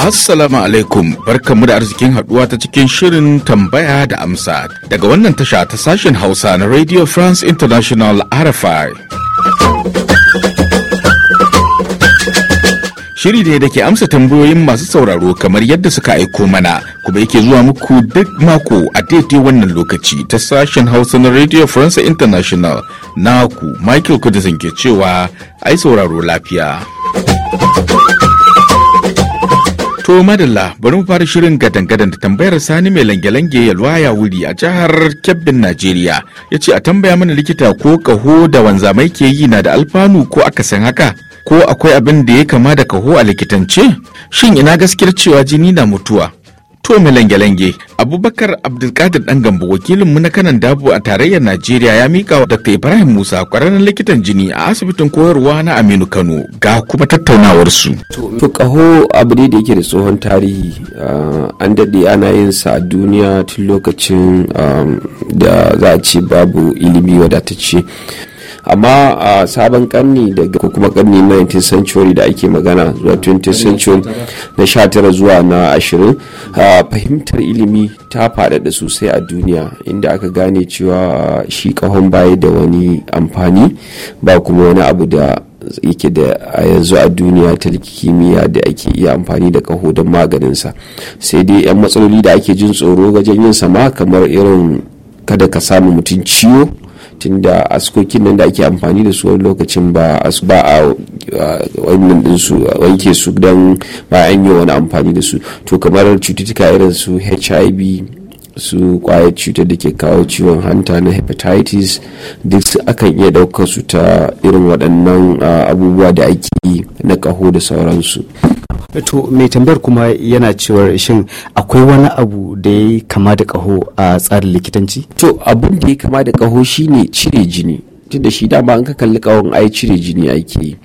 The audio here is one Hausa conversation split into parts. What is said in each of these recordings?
Assalamu alaikum barkanmu da arzikin haduwa ta cikin shirin tambaya da amsa daga wannan tasha ta sashen Hausa na Radio France International RFI. Shiri ne da ke amsa tambayoyin masu sauraro kamar yadda suka aiko mana kuma yake zuwa muku duk mako a daidai wannan lokaci ta sashen Hausa na Radio France International naku Michael Kudisin ke cewa ai sauraro lafiya. To madalla bari mu fara shirin gadan-gadan da tambayar sani mai lange-lange ya ya wuri a jihar Kebbin Najeriya. Ya ce a tambaya mana likita ko kaho da wanzamai ke yi na da alfanu ko aka san haka? Ko akwai abin da ya kama da kaho a likitance? Shin ina gaskiyar cewa jini na mutuwa? to mu lange-lange abubakar abdulkadir dan gambo wakilinmu na kanan dabu a tarayyar najeriya ya mika wa dr ibrahim musa kwararren likitan jini a asibitin koyarwa na aminu kano ga kuma tattaunawarsu to kaho abu ne da yake da tsohon tarihi ah, an daɗe ana yin sa a duniya tun lokacin ah, da za a ce babu ilimi wadatacce amma a sabon karni daga ko kuma karni na 19th century da ake magana zuwa 20th century na 19 zuwa na 20 fahimtar ilimi ta faɗaɗa sosai a duniya inda aka gane cewa shi ƙahon baya da wani amfani ba kuma wani abu da yake da a yanzu a duniya ta kimiyya da ake iya amfani da kaho don maganinsa sai dai 'yan matsaloli da ake jin tsoro wajen yin sama kamar irin kada ka samu mutum ciwo tunda askokin nan da ake amfani da su wani lokacin ba a wannan din su wanke su don ba an yi wani amfani da su to kamar cututtuka irin su HIV su kwayar cutar da ke kawo ciwon hanta na hepatitis duk su akan iya daukar su ta irin waɗannan abubuwa da ake na ƙaho da sauransu to mai tambayar kuma yana cewar shin akwai wani abu da ya kama da kaho a tsarin likitanci to abun da ya kama da kaho shine cire jini tunda shi dama an ka kalli kawon ai cire jini ake yi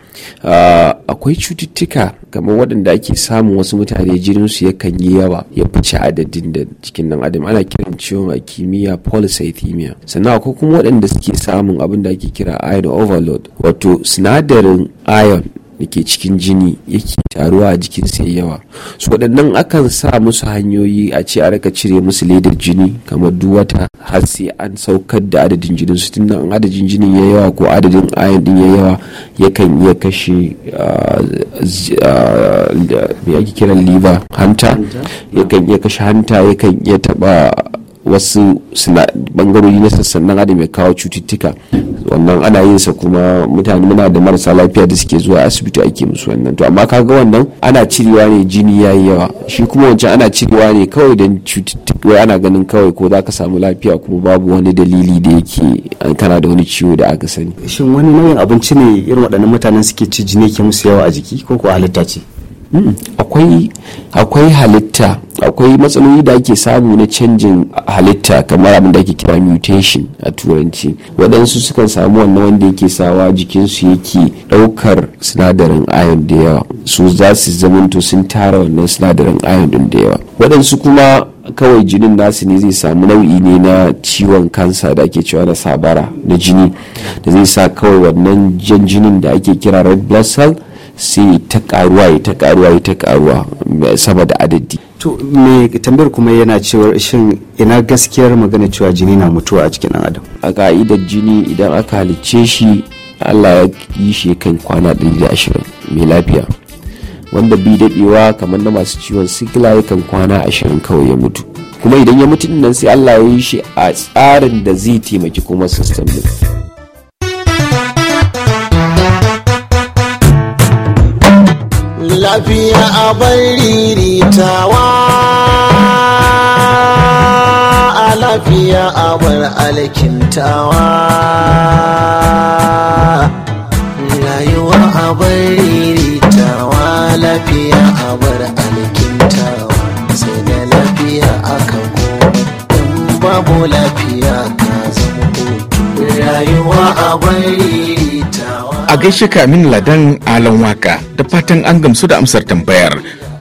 ah, akwai cututtuka kamar waɗanda ake samun wasu mutane jinin su yakan yi yawa ya fice adadin da cikin nan adam ana kiran ciwon a kimiyya polycythemia sannan akwai kuma waɗanda suke samun abin da ake kira iron overload wato sinadarin iron da ke cikin jini yake taruwa a jikin sai yawa su waɗannan akan sa musu hanyoyi a ce a raka cire musu ledar jini kamar duk wata har sai an saukar da adadin jinin su tunda an adadin jini ya yawa ko adadin ayan din ya yawa yakan iya kashe ah, ah, ah, me ake kiran liver hanta yakan iya kashe hanta yakan iya taba wasu bangarori na sassan adam ya kawo cututtuka wannan ana yin sa kuma mutane muna da marasa lafiya da suke zuwa asibiti ake musu wannan to amma kaga wannan ana cirewa ne jini yayi yawa shi kuma wancan ana cirewa ne kawai don cututtuka wai ana ganin kawai ko za ka samu lafiya kuma babu wani dalili da yake kana da wani ciwo da aka sani shin wani nau'in abinci ne irin waɗannan mutanen suke ci jini ke musu yawa a jiki ko ko halitta ce akwai halitta akwai matsaloli da ake samu na canjin halitta kamar abin da ake kira mutation a turanci waɗansu sukan samu wannan wanda yake sawa jikinsu yake ɗaukar sinadarin iron da yawa su za su zamanto sun tara wannan sinadarin iron din da yawa waɗansu kuma kawai jinin nasu ne zai samu nau'i ne na ciwon kansa da ake cewa na sabara na jini da zai sa kawai wannan jan jinin da ake kira red blood cell sai ta karuwa ta karuwa ta karuwa sama adadi to me tambayar kuma yana cewa shin ina gaskiyar magana cewa jini na mutuwa a cikin adam a ka'idar jini idan aka halicce shi allah ya yi shi kan kwana 120 mai lafiya wanda bi dadewa kamar na masu ciwon sikila yakan kwana 20 kawai ya mutu kuma idan ya mutu nan sai allah ya yi shi a tsarin da zai taimaki kuma sistem din lafiya a bari ritawa a lafiya a bar alkintawa rayuwa a bari ritawa lafiya a bar alkintawa sai da lafiya aka ko babu lafiya ka zama rayuwa a bari gaishe ka min ladan alan waka da fatan an gamsu da amsar tambayar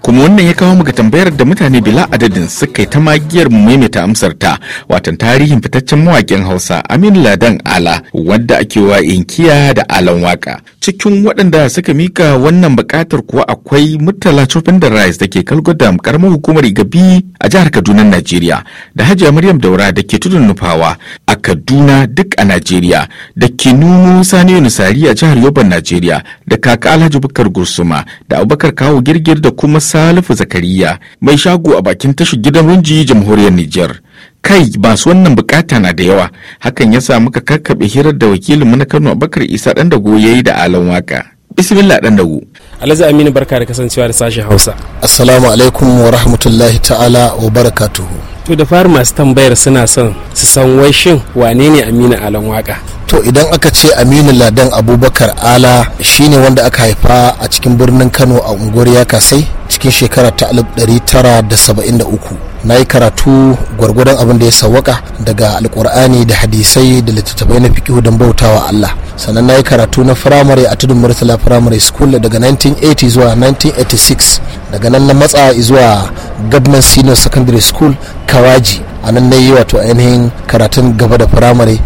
kuma wannan ya kawo mu tambayar da mutane bila adadin suka yi ta magiyar mu maimaita amsar ta watan tarihin fitaccen mawakin Hausa Aminu Ladan Ala wadda ake wa inkiya da alan waka cikin waɗanda suka mika wannan buƙatar kuwa akwai Murtala Chopin da Rice da ke Kalgodam karamar hukumar Igabi a jihar Kaduna Najeriya da Hajiya Maryam Daura da ke Tudun Nufawa a Kaduna duk a Najeriya da Kinumu Sani Nusari a jihar Yoban Najeriya da Kaka Alhaji Bukar Gursuma da Abubakar Kawo Girgir da kuma Salifu Zakariya mai shago a bakin tashar gidan Runji jamhuriyar Nijar. Kai masu wannan bukata na da yawa hakan ya sa muka kakkaɓe hirar da wakilinmu na Kano Bakar Isa ɗan da yayi da alan waka. bismillah dan dago alhaji aminu barka da kasancewa da sashen hausa assalamu alaikum wa rahmatullahi ta'ala wa barakatuhu to da fari masu tambayar suna son su san wai shin wane ne aminu alan waka to idan aka ce aminu ladan abubakar ala shine wanda aka haifa a cikin birnin kano a unguwar sai. cikin shekarar ta 1973 na yi karatu gwargwadon abin da ya sawaka daga alkur'ani da hadisai da littattafai na fikihu don bautawa Allah sannan na yi karatu na firamare a tudun murtala firamare school daga 1980 zuwa 1986 daga nan na matsa zuwa government senior secondary school kawaji a nan na yi wato ainihin karatun gaba da firamare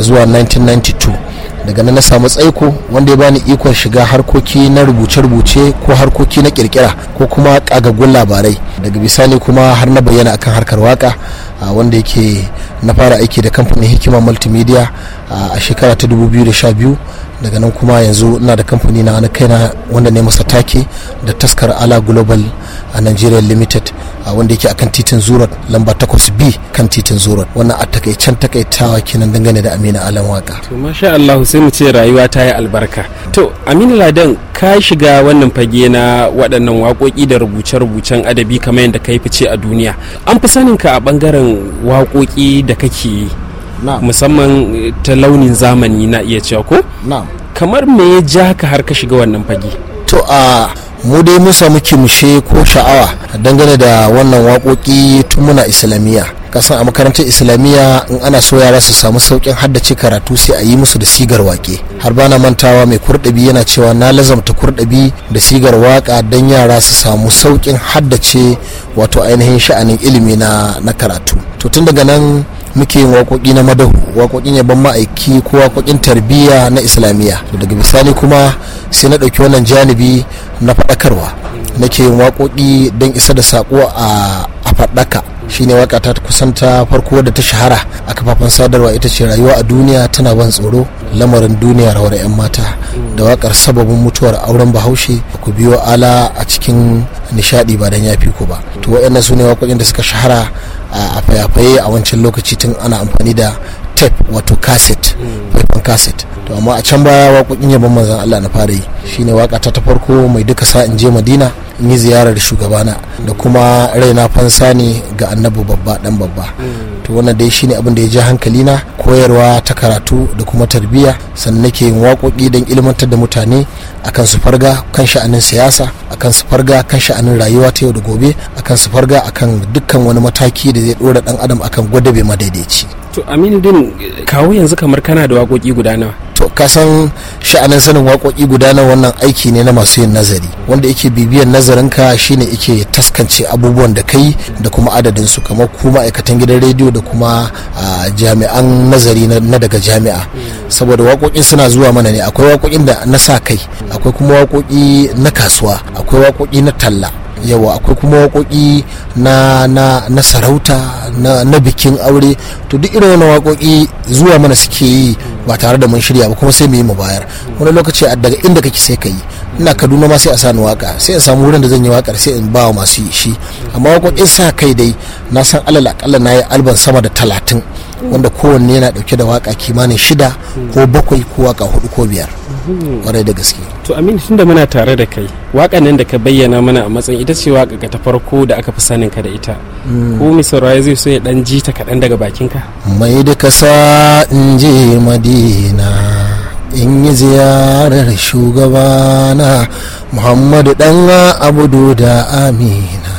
zuwa 1992 daga nan na samu tsaiko wanda ya bani ikon shiga harkoki na rubuce-rubuce ko harkoki na kirkira ko kuma ƙagaggun labarai daga bisani kuma har na bayyana akan harkar waka wanda yake na fara aiki da kamfanin hikima multimedia a shekara ta 2012 daga nan kuma yanzu ina da kamfani na kaina wanda ne masa take da taskar ala global a Nigeria Limited a wanda yake akan titin Zurat lamba 8B kan titin Zurat wannan a takaicen takaitawa kenan dangane da Amina alam Waka to masha Allah sai mu ce rayuwa ta yi albarka to Amina Ladan ka shiga wannan fage na waɗannan waƙoƙi da rubuce-rubucen adabi kamar yadda ka yi fice a duniya an fi sanin ka a bangaren waƙoƙi da kake yi musamman eh, ta launin zamani na iya cewa ko kamar me ya ja ka har ka shiga wannan fage to a mu dai mun samu kimshe ko sha'awa dangane da wannan waƙoƙi tun muna islamiyya kasan a makarantar islamiyya in ana so yara su samu sauƙin haddace karatu sai a yi musu da sigar waƙe har bana mantawa mai kurɗabi yana cewa na lazamta kurɗabi da sigar waƙa don yara su samu sauƙin haddace wato ainihin sha'anin ilimi na karatu to tun daga nan muke waƙoƙi na madahu waƙoƙin ban ma'aiki ko waƙoƙin tarbiyya na islamiyya daga misali kuma sai na ɗauki wannan janibi na faɗakarwa nake yin waƙoƙi don isa da saƙo a faɗaka shine waka ta kusanta farko da ta shahara a kafafen sadarwa ita ce rayuwa a duniya tana ban tsoro lamarin duniya rawar 'yan mata da wakar sababin mutuwar auren bahaushe ku biyo ala a cikin nishadi ba dan yafi ku ba to waɗannan su ne waƙoƙin da suka shahara a fayafaye a wancan lokaci tun ana amfani da tape wato cassette mm. faifan cassette to amma a can baya waƙoƙin yabon manzan Allah na fara yi shine waƙa ta ta farko mai duka sa in je Madina Ni ziyarar shugabana da kuma raina fansa ne ga annabi babba dan babba mm. to wannan dai shine abin da ya ji hankali na koyarwa ta karatu da kuma tarbiyya sannan nake yin waƙoƙi don ilmantar da mutane akan su farga kan sha'anin siyasa akan su farga kan sha'anin rayuwa ta yau da gobe akan su farga akan dukkan wani mataki da zai dora dan adam akan gwada bai madaidaici to aminu din kawo yanzu kamar kana da wakoki guda nawa to kasan sha'anin sanin waƙoƙi gudanar wannan aiki ne na masu yin nazari wanda yake bibiyar nazarin ka shine yake taskance abubuwan da kai da kuma adadin su kamar ku ma'aikatan gidan rediyo da kuma jami'an nazari na daga jami'a saboda waƙoƙin suna zuwa mana ne akwai waƙoƙin da na sa kai akwai kuma waƙoƙi na kasuwa akwai waƙoƙi na talla yawa akwai kuma waƙoƙi na, na, na sarauta na, na bikin aure to duk irin wannan waƙoƙi zuwa mana suke yi ba tare da mun shirya ba kuma sai mu yi mu bayar wani lokaci daga inda kake sai ka yi ina kaduna ma sai a sani waka sai in samu wurin da zan yi wakar sai in ba wa masu yi shi amma waƙoƙin sa kai dai na san alal akalla na yi alban sama da talatin wanda kowanne yana dauke da waka kimanin shida ko bakwai ko waka hudu ko biyar kwarai da gaske to amin tun da muna tare da kai waka nan da ka bayyana mana a matsayin ita ce waka ta farko da aka fi sanin ka da ita mm. ko mai saurari zai so ya dan ji ta kaɗan daga bakin ka mai da ka sa in je madina in yi ziyarar shugabana muhammadu dan abudu da amina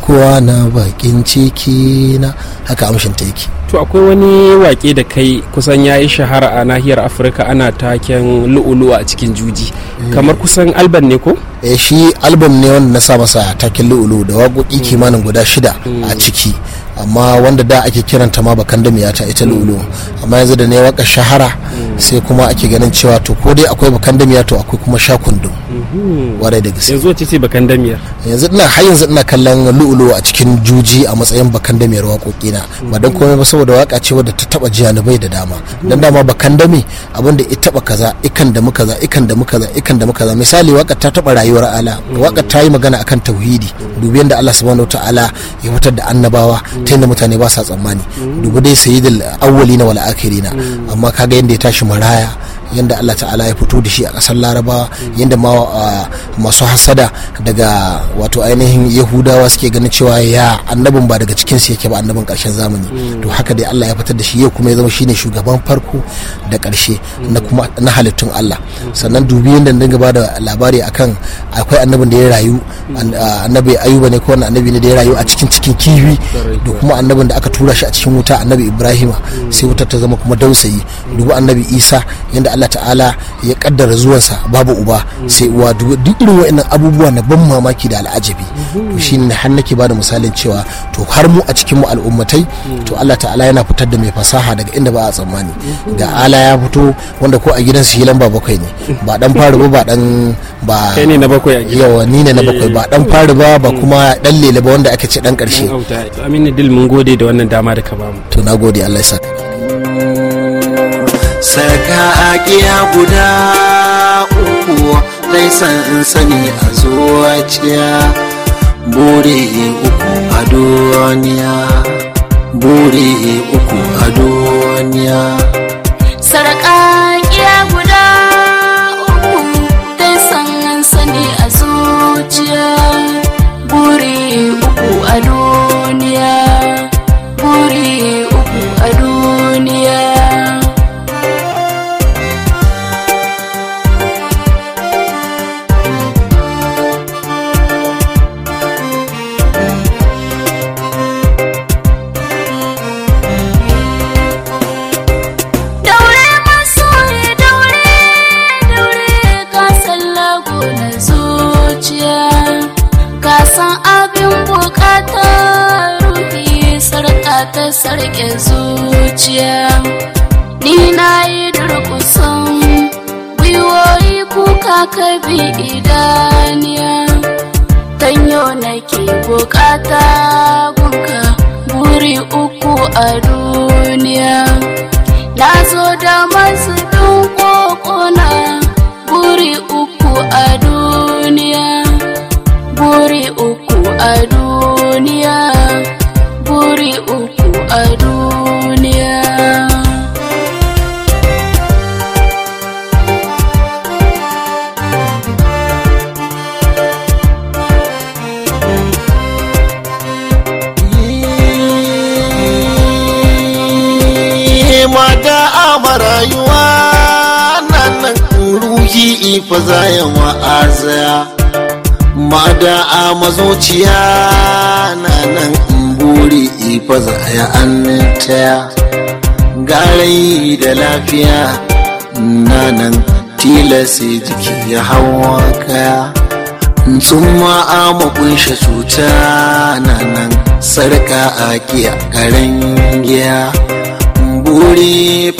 kuwa na bakin ciki na haka amshin teki to akwai wani wake da kai kusan ya yi shahara a nahiyar afirka ana taken lu'ulu a cikin juji eh. kamar kusan alban ne ko E, shi alban ne wanda na sa masa taken lu'ulu da waƙoƙi hmm. kimanin guda shida a hmm. ciki amma wanda da ake kiranta ma bakan da ta ita lulu amma yanzu da ne waka shahara sai kuma ake ganin cewa to ko dai akwai bakan da to akwai kuma sha kundum mhm. warai da gaske yanzu wace ce bakan da yanzu ina har yanzu ina kallon lulu a cikin juji a matsayin bakan da miyar waƙoƙi na ba dan komai ba saboda waka ce wadda ta taba bai da dama dan dama bakan da abin da ita taba kaza ikan da muka za ikan da muka za ikan da muka za misali waka ta taba rayuwar ala waka ta yi magana akan tauhidi dubi yanda Allah subhanahu wataala ya fitar da annabawa ta yadda mutane ba sa tsammani dubu dai sayi da awwali na wal na mm. amma kaga yadda ya tashi maraya yadda Allah ta'ala ya fito da shi a ƙasar laraba yadda ma uh, masu hasada daga wato ainihin yahudawa suke ganin cewa ya annabin ba daga cikin cikinsu yake ba annabin ƙarshen zamani to haka dai Allah ya fitar da shi yau kuma ya zama shine shugaban farko da ƙarshe na kuma na halittun Allah sannan dubi yadda dinga ba da labari akan akwai annabin da ya rayu uh, annabi ayuba ne ko annabi ne da ya rayu a cikin cikin kiwi da kuma annabin da aka tura shi a cikin wuta annabi ibrahima sai wutar ta zama kuma dausayi dubu annabi isa yadda Allah ta'ala ya kaddara zuwansa babu uba sai uwa duk irin wa'annan abubuwa na ban mamaki da al'ajabi to shine har nake bada misalin cewa to har mu a cikin mu al'ummatai to Allah ta'ala yana fitar da mai fasaha daga inda ba a tsammani ga ala ya fito wanda ko a gidansu shi lamba bakwai ne ba dan fari ba ba dan ba kai ne na bakwai a yawa ni ne na bakwai ba dan fari ba ba kuma dan lele ba wanda ake ce dan karshe ne dil mun gode da wannan dama da ka bamu to nagode Allah ya saka saka a kiya guda uku laisan in sani a zuwaciya buri uku a duniya buri uku a duniya sarke zuciya ni na yi durkusan gwiwoyi kuka bi idaniya tanyo ke bukata gunka buri uku a duniya na zo da masu kokona buri uku a duniya guri shi ya wa'aza mada a mazuciya na nan buri ifa za ya taya, garai da lafiya na nan tilasi jiki ya hawa kaya sun a makunshe cuta na nan sarka a kiya karen giya buri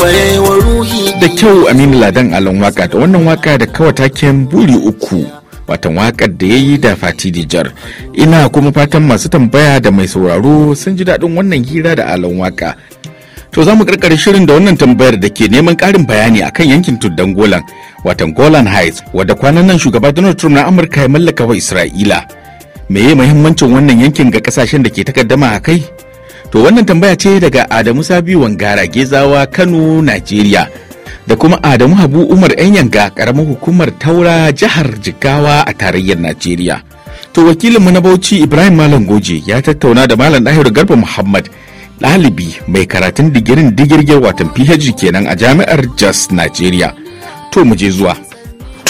ruhi da kyau aminu ladan alon waka da wannan waka da kawa taken buri uku watan wakar da ya yi da fati dijar ina kuma fatan masu tambaya da mai sauraro sun ji daɗin wannan hira da alon waka to za mu karkare shirin da wannan tambayar da ke neman ƙarin bayani akan yankin tuddan golan watan golan heights wadda kwanan nan shugaba donald trump na amurka ya mallaka wa isra'ila Me yi mahimmancin wannan yankin ga kasashen da ke takaddama a kai To wannan tambaya ce daga Adamu Sabi Wangara Gezawa Kano, Najeriya. Da kuma Adamu Habu Umar 'yan yanga ƙaramar hukumar Taura jihar Jigawa a tarayyar Najeriya. To wakilinmu na Bauchi Ibrahim Malam Goje ya tattauna da Malam Dahir Garba Muhammad ɗalibi mai karatun digirin digirgir watan PhD kenan a jami'ar Jos Najeriya. To mu je zuwa.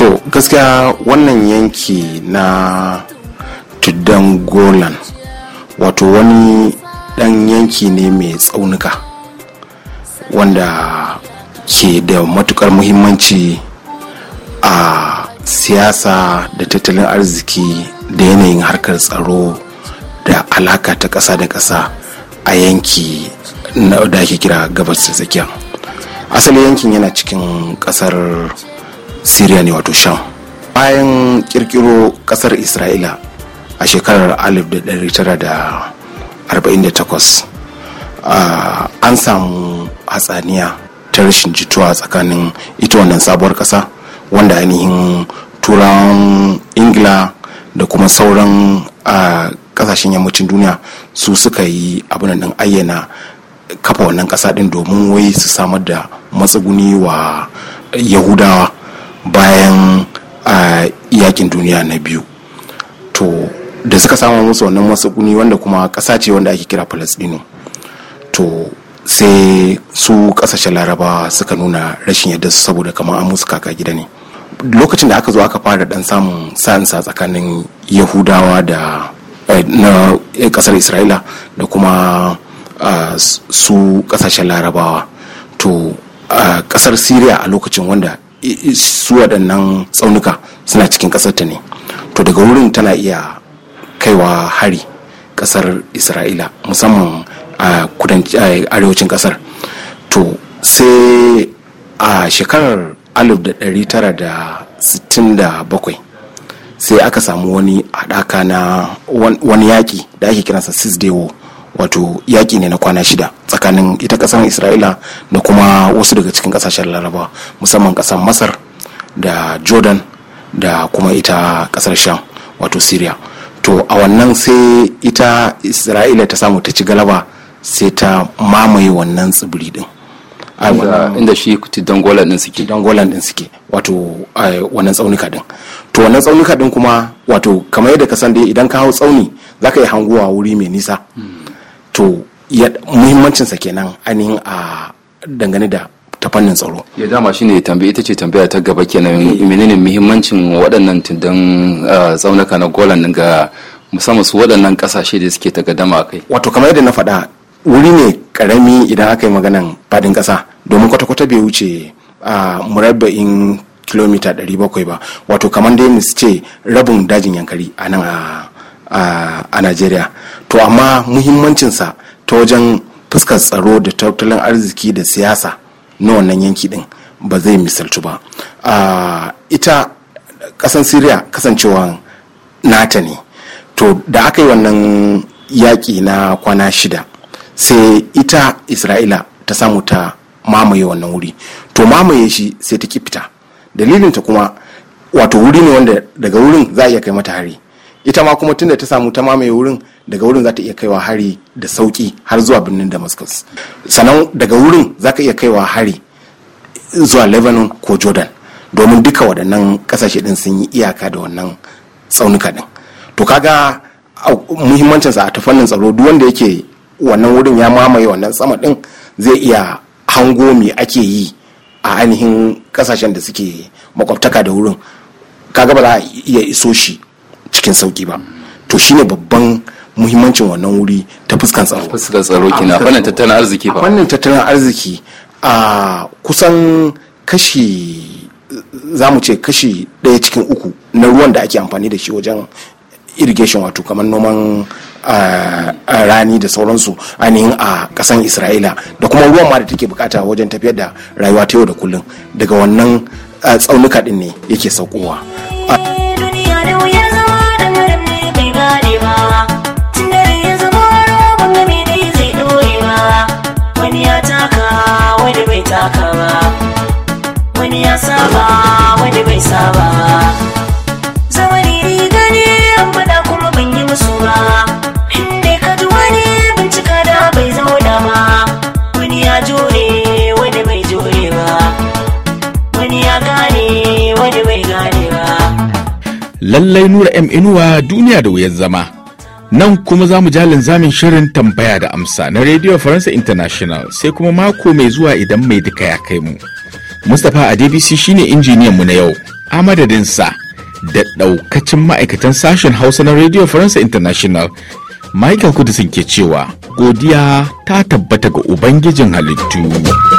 To gaskiya wannan yanki na tuddan Golan wato wani ɗan yanki ne mai tsaunuka wanda ke da matukar muhimmanci a siyasa da tattalin arziki da yanayin harkar tsaro da alaka ta ƙasa da ƙasa a yanki na da ake kira gabas da tsakiya asali yankin yana cikin ƙasar syria ne wato sham bayan kirkiro ƙasar isra'ila a shekarar 1900 48 ah, an samu hatsaniya ta rashin jituwa tsakanin ita wannan sabuwar kasa wanda ainihin turan ingila da kuma sauran kasashen ah, yammacin duniya su suka yi abin nan ayyana kafa wannan kasa ɗin domin wai su samar da matsuguni wa yahudawa bayan ah, yakin duniya na biyu to da suka sama musu wannan matsuguni wanda kuma ƙasa ce wanda ake kira palestino to sai su ƙasashen larabawa suka nuna rashin yadda su saboda kamar an musu kaka gida ne lokacin da aka zo aka fara dan samun sa'ansa tsakanin yahudawa da eh, na eh, ƙasar isra'ila da kuma ah, su ƙasashen larabawa to ah, ƙasar syria a lokacin wanda su waɗannan tsaunuka suna cikin ƙasar ne to daga wurin tana iya kaiwa hari kasar isra'ila musamman a arewacin kasar to sai a shekarar 1967 sai aka samu wani haɗaka na wani yaƙi da ake kiransa six day war wato yaƙi ne na kwana shida tsakanin ita ƙasar isra'ila da kuma wasu daga cikin ƙasashen larabawa musamman ƙasar masar da jordan da kuma ita ƙasar sham wato syria to a wannan sai ita isra'ila ta samu ta ci galaba sai ta mamaye wannan tsibiri din inda shi dangolan din suke Dangolan din suke wato wannan tsaunuka din to wannan tsaunuka din kuma wato kamar yadda ka san dai idan ka hau tsauni zaka yi hanguwa wuri mai nisa hmm. to muhimmancinsa kenan ainihin a dangane da ta fannin tsaro ya dama shine tambaya ita ce tambaya ta gaba kenan menene muhimmancin waɗannan tundan ah, tsaunuka na golan ga musamman su waɗannan ƙasashe da suke ta gadama a kai wato kamar yadda na faɗa wuri ne ƙarami idan aka yi maganan faɗin ƙasa domin kwata-kwata bai wuce a ah, murabba'in kilomita 700 ba wato kamar dai mu ce rabin dajin yankari a nan ah, a najeriya to amma muhimmancinsa ta wajen fuskar tsaro da tattalin arziki da siyasa na wannan yanki din ba zai misaltu ba ita kasan syria kasancewa nata ne to da aka yi wannan yaƙi na kwana shida sai ita isra'ila ta samu ta mamaye wannan wuri to mamaye shi sai ta fita dalilinta kuma wato wuri ne wanda daga wurin za a iya kai mata hari ita ma kuma tunda ta samu ta mamaye wurin daga wurin za ta iya kaiwa hari da sauki har zuwa birnin damascus sannan daga wurin za ka iya kaiwa hari zuwa lebanon ko jordan domin duka waɗannan ƙasashe ɗin sun yi iyaka da wannan tsaunuka ɗin to kaga muhimmancinsa a ta fannin tsaro duk wanda yake wannan wurin ya mamaye wannan sama ɗin zai iya hango me ake yi a ainihin ƙasashen da suke makwabtaka da wurin kaga ba za a iya iso shi cikin sauki ba to shine babban muhimmancin wannan wuri ta fuskan tsaro fuskan tsaro kina fannin tattalin arziki ba fannin tattalin arziki a kusan kashi za mu ce kashi ɗaya cikin uku na ruwan da ake amfani da shi wajen irrigation wato kamar noman rani da sauransu ainihin a kasan isra'ila da kuma ruwan ma da take bukata wajen tafiyar da rayuwa ta yau da kullum daga wannan tsaunuka din ne yake saukowa. taka wani ya saba wani bai saba ba zawani riga ne an faɗa kuma ban yi musu ba inda ka ji wani bincika da bai zauna ba wani ya jure wani bai jure ba wani ya gane wani bai gane ba lallai nura m inuwa duniya da wuyar zama Nan kuma za mu ja linzamin shirin tambaya da amsa na Radio Faransa International sai kuma mako mai zuwa idan mai duka ya kai mu. Mustapha Adebisi shine injiniyan mu na yau, a da ɗaukacin ma'aikatan sashen Hausa na Radio Faransa International, Michael Kudisin ke cewa godiya ta tabbata ga Ubangijin halittu.